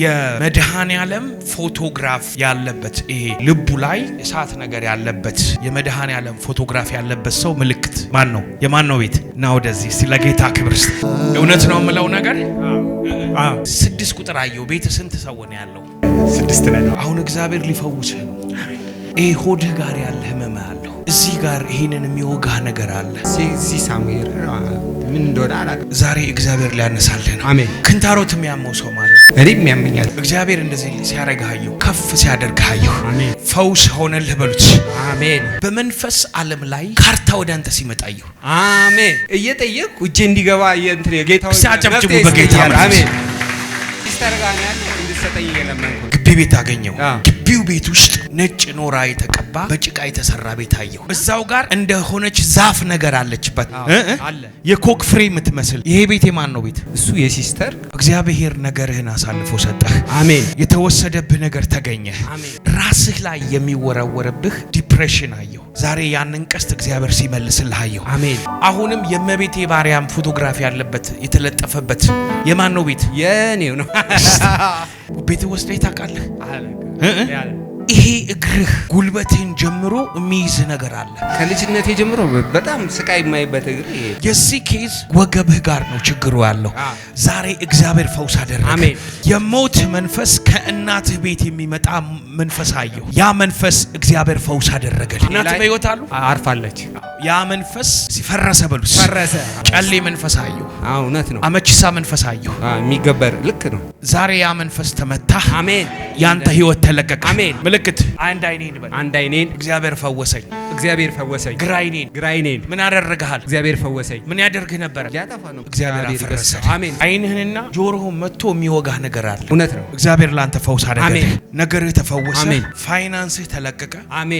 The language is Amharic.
የመድኃኔ ዓለም ፎቶግራፍ ያለበት ይሄ ልቡ ላይ እሳት ነገር ያለበት የመድኃኔ ዓለም ፎቶግራፍ ያለበት ሰው ምልክት ማን ነው? የማን ነው ቤት እና ወደዚህ ስለ ጌታ ክብር እውነት ነው የምለው ነገር ስድስት ቁጥር አየው ቤት ስንት ሰው ነው ያለው? ስድስት ነው። አሁን እግዚአብሔር ሊፈውስህ ነው። ይሄ ሆድህ ጋር ያለ ህመም አለ። እዚህ ጋር ይህንን የሚወጋ ነገር አለ። እዚህ ሳሙኤል ምን እንደሆነ አላውቅም። ዛሬ እግዚአብሔር ሊያነሳልህ ነው። አሜን። ክንታሮት የሚያመው ሰው ማለት እኔ የሚያመኛል። እግዚአብሔር እንደዚህ ሲያረጋየሁ ከፍ ሲያደርግሃየሁ ፈውስ ሆነልህ በሉት። አሜን። በመንፈስ ዓለም ላይ ካርታ ወደ አንተ ሲመጣየሁ አሜን። እየጠየቅኩ እጄ እንዲገባ የእንትን የጌታ ሲያጨብጭቡ በጌታ አሜን። ሲስተር ጋር ያለ እንድሰጠኝ እየለመንኩ ግቢ ቤት አገኘው። ግቢው ቤት ውስጥ ነጭ ኖራ የተቀባ በጭቃ የተሰራ ቤት አየሁ። እዛው ጋር እንደሆነች ዛፍ ነገር አለችበት የኮክ ፍሬ የምትመስል። ይሄ ቤት የማን ነው ቤት? እሱ የሲስተር እግዚአብሔር ነገርህን አሳልፎ ሰጠህ። አሜን። የተወሰደብህ ነገር ተገኘ። ራስህ ላይ የሚወራወርብህ ዲፕሬሽን አየሁ። ዛሬ ያንን ቀስት እግዚአብሔር ሲመልስልህ አየሁ። አሜን። አሁንም የእመቤቴ ማርያም ፎቶግራፊ ያለበት የተለጠፈበት የማን ነው ቤት? የኔው ነው። ቤት ላይ ታውቃለህ? ይሄ እግርህ ጉልበትን ጀምሮ የሚይዝ ነገር አለ። ከልጅነት ጀምሮ በጣም ስቃይ የማይበት እግር የዚህ ኬዝ ወገብህ ጋር ነው ችግሩ ያለው። ዛሬ እግዚአብሔር ፈውስ አደረገ። የሞት መንፈስ ከእናትህ ቤት የሚመጣ መንፈስ አየሁ። ያ መንፈስ እግዚአብሔር ፈውስ አደረገል። እናትህ በሕይወት አሉ አርፋለች። ያ መንፈስ ሲፈረሰ በሉ ፈረሰ። ጨሌ መንፈስ አየሁ። እውነት ነው። አመቺሳ መንፈስ አየሁ። የሚገበር ልክ ነው። ዛሬ ያ መንፈስ ተመታ። አሜን። ያንተ ህይወት ተለቀቀ። አሜን። ምልክት አንድ አይኔን በል። አንድ አይኔን እግዚአብሔር ፈወሰኝ። እግዚአብሔር ፈወሰኝ። ግራ አይኔን ግራ ምን አደረግሃል? እግዚአብሔር ፈወሰኝ። ምን ያደርግህ ነበር? ያጠፋ ነው። እግዚአብሔር አፈረሰ። አሜን። አይንህንና ጆሮህን መጥቶ የሚወጋህ ነገር አለ። እውነት ነው። እግዚአብሔር ላንተ ፈውስ አደረገ። ነገርህ ተፈወሰ። አሜን። ፋይናንስህ ተለቀቀ። አሜን።